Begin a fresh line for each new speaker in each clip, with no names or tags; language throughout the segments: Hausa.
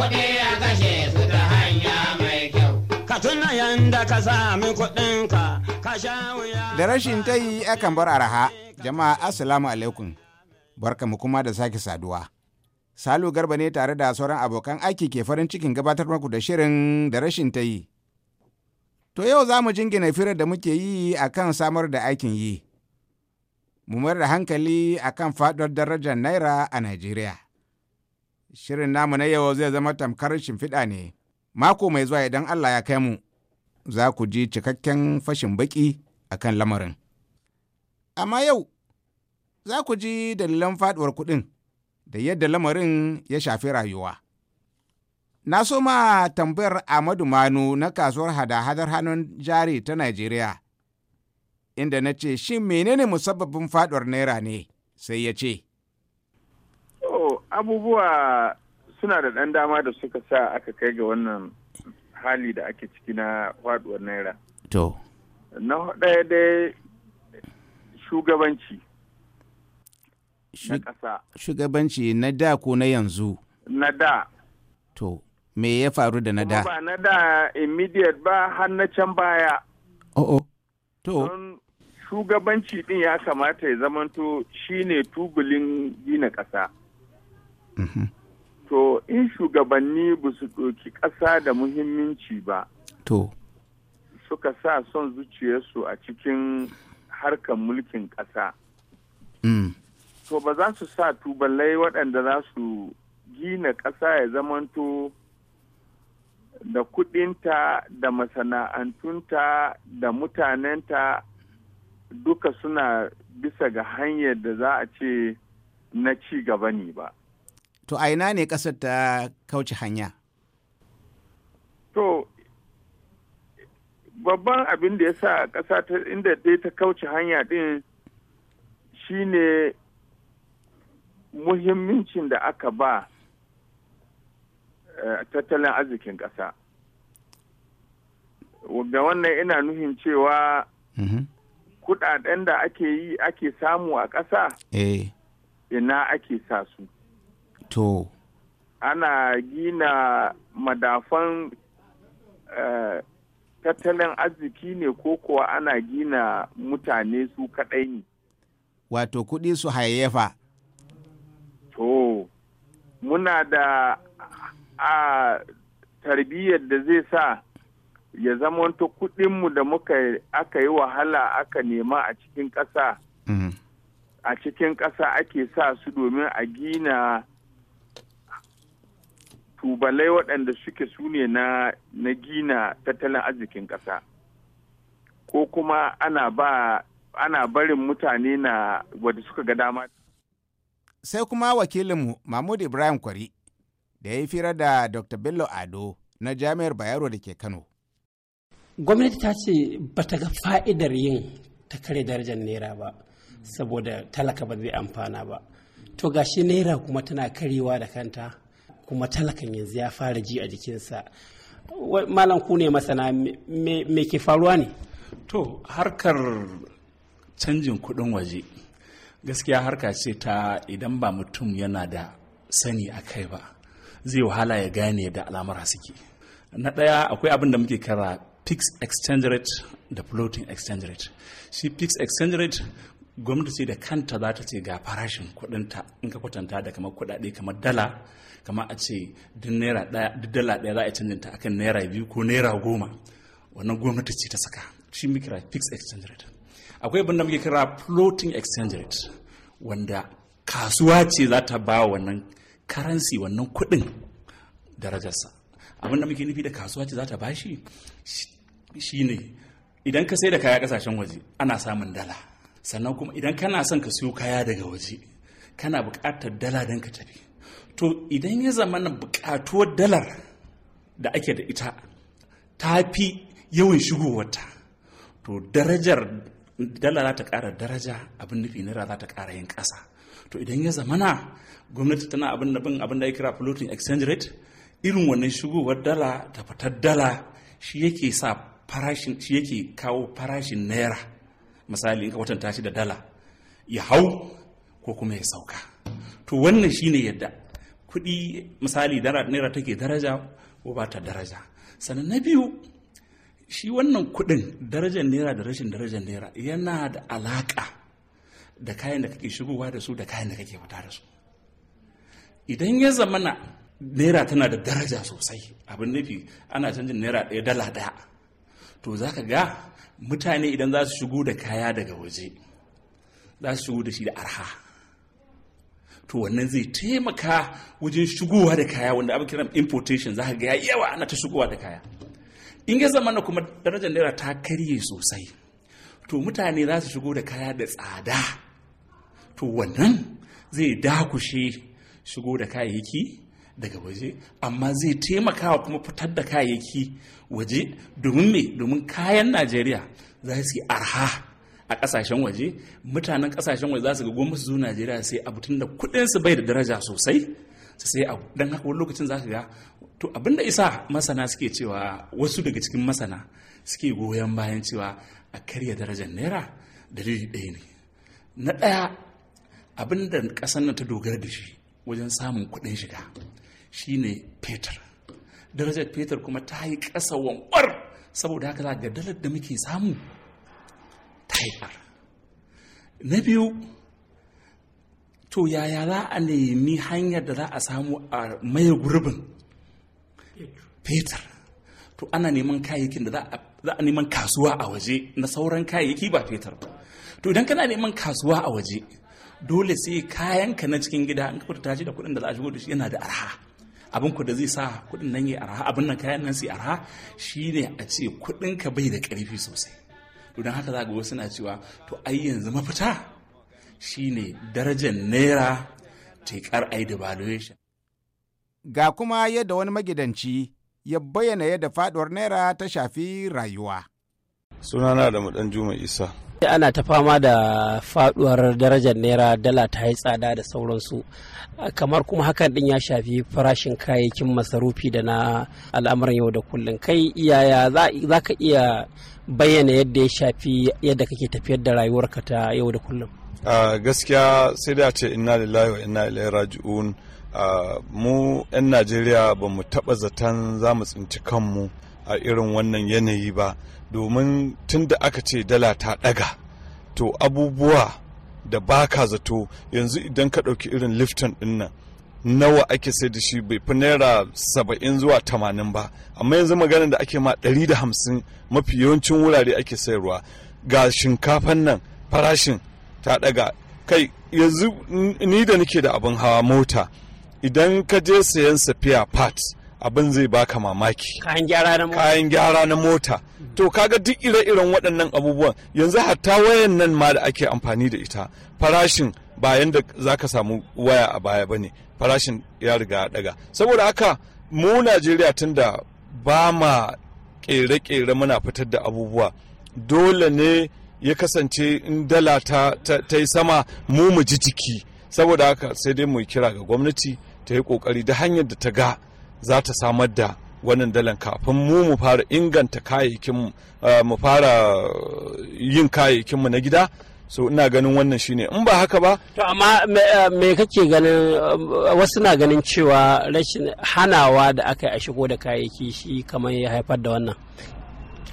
kuɗi a kashe su ta hanya mai kyau.
Ka tuna yanda ka sami kuɗinka Da rashin ta yi akan bar araha. Jama'a Assalamu alaikum. mu kuma da sake saduwa. Salu Garba ne tare da sauran abokan aiki ke farin cikin gabatar muku da shirin da rashin ta yi. To yau za mu jingina firar da muke yi a kan samar da aikin yi. Mu mayar da hankali a kan faɗuwar darajar Naira a Najeriya. shirin namu na yau zai zama tamkar shimfiɗa ne mako mai zuwa idan allah ya kai mu za ku ji cikakken fashin baki a kan lamarin amma yau za ku ji dalilan faɗuwar kuɗin da yadda lamarin ya shafi rayuwa na so ma tambayar amadu manu na kasuwar hada-hadar hannun jari ta najeriya inda na ce shin menene musabbabin faɗuwar naira ne sai ya ce
abubuwa suna da ɗan dama da suka sa aka kai ga wannan hali da ake ciki na faduwar naira. To. Na ɗaya dai shugabanci. na ƙasa.
Shugabanci na da ko na yanzu? Na da. To, me ya faru da na da? Ba
na da immediate ba har na can baya.
Oh, oh. To.
Shugabanci ɗin ya kamata ya zamanto shine tubulin gina ƙasa. Mm-hmm. to in shugabanni ba su ɗoki ƙasa da muhimmanci ba to suka sa son zuciyarsu a cikin harkar mulkin ƙasa mm. to ba za su sa tubalai waɗanda za su gina ƙasa ya zamanto da kuɗinta da masana'antunta da mutanenta duka suna bisa ga hanyar da za a ce na ci gaba ne ba.
to a ina ne ƙasar ta kauce hanya
to babban abin da ya sa ƙasa ta inda dai ta kauce hanya ɗin ne muhimmancin da aka ba eh, tattalin arzikin ƙasa ga wannan ina nuhin cewa mm-hmm. kudaden da ake yi ake samu a ƙasa eh. ina ake sa su To. Ana gina madafan eh, tattalin arziki ne ko kuwa ana gina mutane su kaɗai ne.
Wato kuɗi su hayayyafa.
To, muna da a tarbiyyar da zai sa ya zamanto kuɗinmu da muka aka yi wahala aka nema a cikin ƙasa. Mm-hmm. A cikin ƙasa ake sa su domin a gina tubalai waɗanda suke sune na, na gina tattalin arzikin ƙasa ko kuma ana ba ana barin mutane na wadda suka ga dama.
Sai kuma wakilinmu Mahmud Ibrahim Kwari da ya yi fira da Dr. Bello Ado na Jami'ar Bayero da ke Kano. Gwamnati ta ce
ba ta ga fa'idar yin ta kare darajar Naira ba, saboda talaka ba zai amfana ba. To gashi Naira kuma tana karewa da kanta. kuma talakan yanzu ya fara ji a jikinsa malam ku ne masana me ke faruwa ne
to harkar canjin kudin waje gaskiya harka ce ta idan ba mutum yana da sani a kai ba zai wahala ya gane da alamar suke na ɗaya akwai abin da muke kara fixed exchange rate da floating exchange rate shi fixed exchange rate gwamnati da kanta za ta ce ga farashin kudinta in ka kwatanta da kamar kudade kamar dala kamar a ce duk daya dala daya za a canjin ta akan naira biyu ko naira goma wannan gwamnati ce ta saka shi muke kira fixed exchange rate akwai abin da muke kira floating exchange rate wanda kasuwa ce za ta ba wannan karansi wannan kudin darajarsa abin da muke nufi da kasuwa ce za ta bashi ne. idan ka sai da kaya kasashen waje ana samun dala sannan kuma idan kana son ka siyo kaya daga waje kana buƙatar dala don ka tafi to idan ya zama na buƙatuwar dalar da ake da ita ta fi yawan shigowarta to darajar dala za ta ƙara daraja abin nufi naira za ta ƙara yin ƙasa to idan ya zama na gwamnati tana abin abin da ya kira floating exchange rate irin wannan shigowar dala ta fitar dala shi yake sa farashin shi yake kawo farashin naira misali in ka watanta shi da dala ya hau ko kuma ya sauka to wannan shine yadda kuɗi misali dara naira take daraja ko ba ta daraja sannan na biyu shi wannan kuɗin darajar naira da rashin darajar naira yana da alaƙa da kayan da kake shigowa da su da kayan da kake fita da su idan ya zamana naira tana da daraja sosai abin nufi ana canjin naira ɗaya dala ɗaya to za ka ga mutane idan za su shigo da kaya daga waje za su shigo da shi da arha to wannan zai taimaka wajen shigowa da kaya wanda abin kiran importation za ka ga yawa ana ta shigowa da kaya in ya zama na kuma darajar naira ta karye sosai to mutane za su shigo da kaya da tsada to wannan zai dakushe shigo da kayayyaki daga waje amma zai taimakawa kuma fitar da kayayyaki waje domin me domin kayan najeriya za su yi arha a kasashen waje mutanen kasashen waje za su ga gwamnati zuwa najeriya sai abu tun da su bai da daraja sosai su sai abu don haka wani lokacin za ka ga to abinda isa masana suke cewa wasu daga cikin masana suke goyon bayan cewa a karya darajar naira dalili ɗaya ne na ɗaya abin da ƙasar nan ta dogara da shi wajen samun kuɗin shiga shine fetur darajar fetur kuma ta yi ƙasa wankwar saboda haka za ga dalar da muke samu ta yi na biyu to yaya za a nemi hanyar da za a samu a maye gurbin fetur to ana neman kayayyakin da za a neman kasuwa a waje na sauran kayayyaki ba fetur ba to idan kana neman kasuwa a waje dole sai kayanka na cikin gida an ka fita da kuɗin da za a shigo da shi yana da arha abin ku da zai sa kuɗin nan ya arha abin nan kayan nan su arha shine a ce kuɗin ka bai da ƙarfi sosai don haka za ga wasu na cewa to ai yanzu mafita shine
darajar naira ta yi devaluation ga kuma yadda wani magidanci ya bayyana yadda faduwar naira ta shafi rayuwa
sunana da madan juma isa
ana ta fama da faduwar darajar naira dala ta yi tsada da sauransu kamar kuma hakan din ya shafi farashin kayayyakin masarufi da na al'amuran yau da kullum kai iyaya za ka iya bayyana yadda ya shafi yadda kake tafiyar da rayuwarka ta yau da kullum
gaskiya sai da ce inna lillahi wa inna ilaihi raji'un mu 'yan najeriya ba mu taɓa zaton za mu tsinci kanmu a irin wannan yanayi ba domin tun da aka ce dala ta ɗaga to abubuwa da baka zato yanzu idan ka ɗauki irin lifton dinnan nawa ake sai da shi bai fi naira saba'in zuwa tamanin ba amma yanzu magana da ake ma ɗari da hamsin mafi yawancin wurare ake sayarwa ga shinkafan nan farashin ta ɗaga kai yanzu ni da nake da abin hawa mota idan ka je sayan safiya parts abin zai baka mamaki kayan gyara na mota to kaga duk ire-iren waɗannan abubuwan yanzu hatta wayan nan ma da ake amfani da ita farashin ba yanda zaka samu waya a baya bane farashin ya riga daga saboda haka mu Najeriya tun da ba ma ƙere kere muna fitar da abubuwa dole ne ya kasance in dala ta, ta yi sama mu mu ji jiki saboda haka sai dai mu kira ga gwamnati ta yi kokari da hanyar da ta ga za ta samar da wannan dalan kafin mu mu fara inganta kayayyakin mu eh, fara yin kayayyakinmu na gida so ina ganin wannan shine in ba haka ba to amma
me eh, kake ganin eh, wasu na ganin cewa rashin hanawa da aka yi a shigo da kayayyaki shi kamar ya haifar da wannan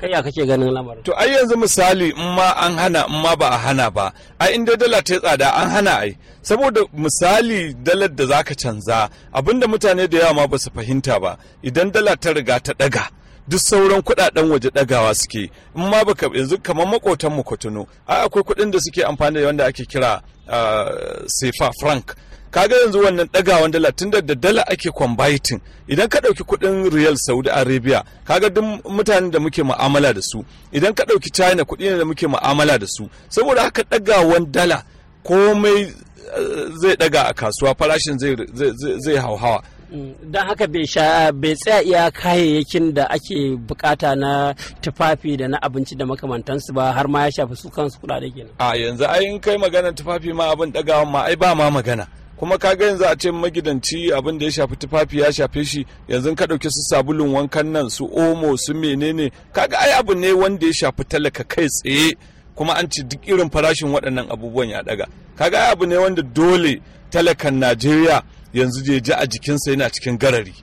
kai ya kake ganin lamarin to ai yanzu misali in ma an hana in ma ba a hana ba ai inda dala ta tsada an hana ai saboda misali dalar da zaka canza abinda mutane da yawa ma ba su fahimta ba idan dala ta riga ta daga duk sauran kudaden waje ɗagawa suke in ma baka yanzu kamar makotan mu kotuno ai akwai kuɗin da suke amfani da wanda ake kira ah, sefa frank kaga yanzu wannan ɗagawan dala tun da dala ake kwambaitin idan ka ɗauki kuɗin riyal saudi arabia kaga duk mutanen da muke mu'amala da su idan ka ɗauki china kuɗi ne da muke mu'amala da su saboda haka ɗagawan dala komai eh, zai ɗaga a kasuwa farashin zai hauhawa
mm, don haka bai bai tsaya iya kayayyakin da ake bukata na tufafi da na abinci da makamantansu ba har ma ya shafi su
kansu kudade kenan a yanzu ai kai maganar tufafi ma abin dagawan ma ai ba ma magana kuma ka ga yanzu a ce magidanci abin da ya shafi tufafi ya shafe shi yanzu ka ɗauki su sabulun wankan nan su omo su menene kaga ai abu ne wanda ya shafi talaka kai tsaye kuma an ci duk irin farashin waɗannan abubuwan ya ɗaga kaga ai abu ne wanda dole talakan najeriya yanzu je ji a jikinsa yana cikin garari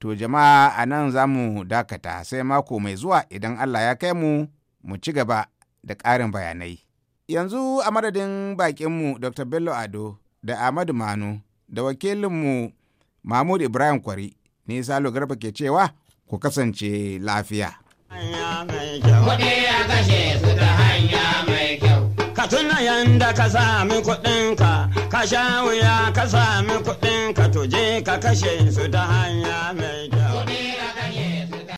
to jama'a a nan za mu dakata sai mako mai zuwa idan allah ya kai mu mu ci gaba da ƙarin bayanai yanzu a madadin bakinmu dr bello ado da Ahmadu Manu da wakilinmu Mahmud Ibrahim Kwari ne Salo Garba ke cewa ku kasance lafiya. Ka tuna yanda ka sami kuɗinka, ka sha wuya ka sami kuɗinka tuje ka kashe su ta hanya mai kyau.